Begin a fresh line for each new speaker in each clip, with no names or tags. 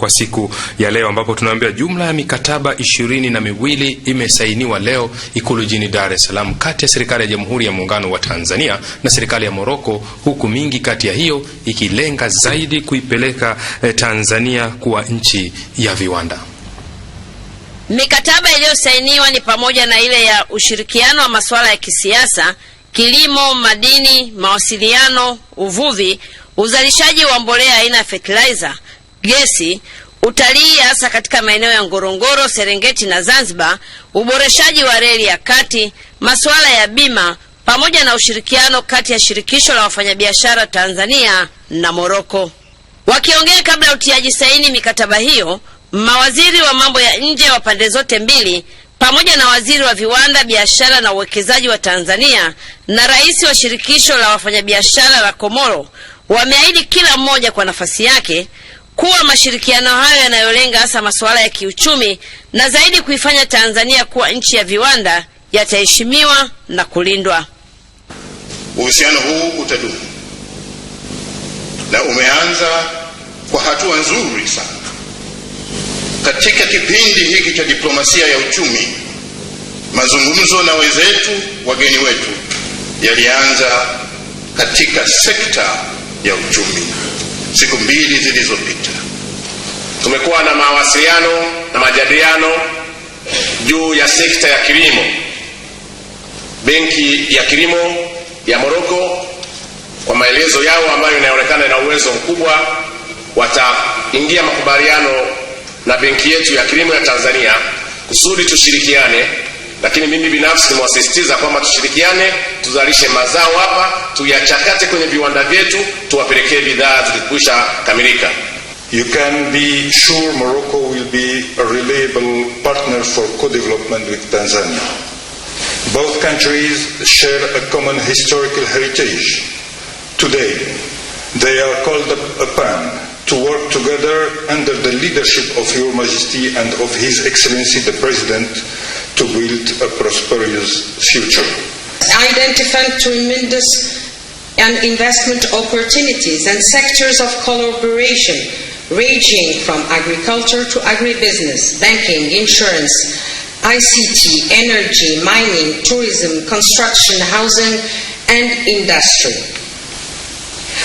kwa siku ya leo, ambapo tunaambia jumla ya mikataba ishirini na miwili imesainiwa leo Ikulu jini Dar es Salaam kati ya serikali ya Jamhuri ya Muungano wa Tanzania na serikali ya Moroko, huku mingi kati ya hiyo ikilenga zaidi kuipeleka eh, Tanzania kuwa nchi ya viwanda.
Mikataba iliyosainiwa ni pamoja na ile ya ushirikiano wa masuala ya kisiasa, kilimo, madini, mawasiliano, uvuvi, uzalishaji wa mbolea aina ya fetilizer gesi, utalii hasa katika maeneo ya Ngorongoro, Serengeti na Zanzibar, uboreshaji wa reli ya kati, masuala ya bima pamoja na ushirikiano kati ya shirikisho la wafanyabiashara Tanzania na Moroko. Wakiongea kabla ya utiaji saini mikataba hiyo, mawaziri wa mambo ya nje wa pande zote mbili pamoja na waziri wa viwanda, biashara na uwekezaji wa Tanzania na rais wa shirikisho la wafanyabiashara la Komoro wameahidi kila mmoja kwa nafasi yake kuwa mashirikiano hayo yanayolenga hasa masuala ya kiuchumi na zaidi kuifanya Tanzania kuwa nchi ya viwanda yataheshimiwa na kulindwa.
Uhusiano huu utadumu na umeanza kwa hatua nzuri sana katika kipindi hiki cha diplomasia ya uchumi. Mazungumzo na wenzetu wageni wetu yalianza katika sekta ya uchumi siku mbili zilizopita tumekuwa na mawasiliano na majadiliano juu ya sekta ya kilimo. Benki ya kilimo ya Moroko, kwa maelezo yao ambayo inaonekana ina uwezo mkubwa, wataingia makubaliano na benki yetu ya kilimo ya Tanzania kusudi tushirikiane lakini mimi binafsi nimewasisitiza kwamba tushirikiane, tuzalishe mazao hapa, tuyachakate kwenye viwanda vyetu, tuwapelekee bidhaa zilikuisha kamilika.
You can be sure Morocco will be a reliable partner for co-development with Tanzania. Both countries share a common historical heritage. Today, they are called upon to work together under the leadership of Your Majesty and of His Excellency the President to build a prosperous future.
Identify tremendous and investment opportunities and sectors of collaboration ranging from agriculture to agribusiness, banking, insurance, ICT, energy, mining, tourism, construction, housing, and industry.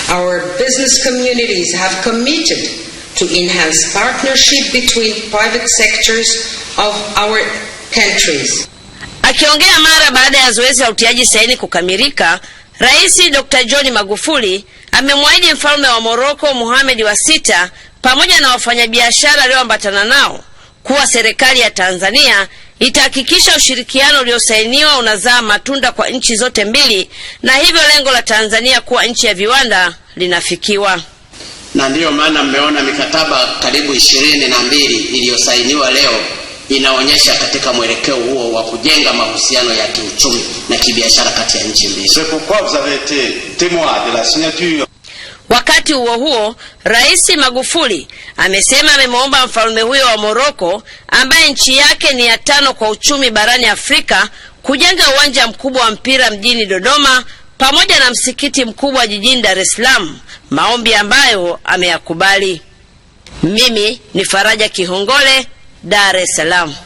Our business communities have committed to enhance partnership between private sectors of our countries.
Akiongea mara baada ya zoezi la utiaji saini kukamilika, Rais Dr. John Magufuli amemwahidi mfalme wa Morocco Mohamed wa sita pamoja na wafanyabiashara walioambatana nao kuwa serikali ya Tanzania itahakikisha ushirikiano uliosainiwa unazaa matunda kwa nchi zote mbili na hivyo lengo la Tanzania kuwa nchi ya viwanda linafikiwa.
Na ndiyo maana mmeona mikataba karibu ishirini na mbili iliyosainiwa leo inaonyesha katika mwelekeo huo wa kujenga mahusiano ya kiuchumi na kibiashara kati ya nchi mbili.
Wakati huo huo, Rais Magufuli amesema amemwomba mfalme huyo wa Moroko ambaye nchi yake ni ya tano kwa uchumi barani Afrika kujenga uwanja mkubwa wa mpira mjini Dodoma pamoja na msikiti mkubwa jijini Dar es Salaam, maombi ambayo ameyakubali. Mimi ni Faraja Kihongole, Dar es Salaam.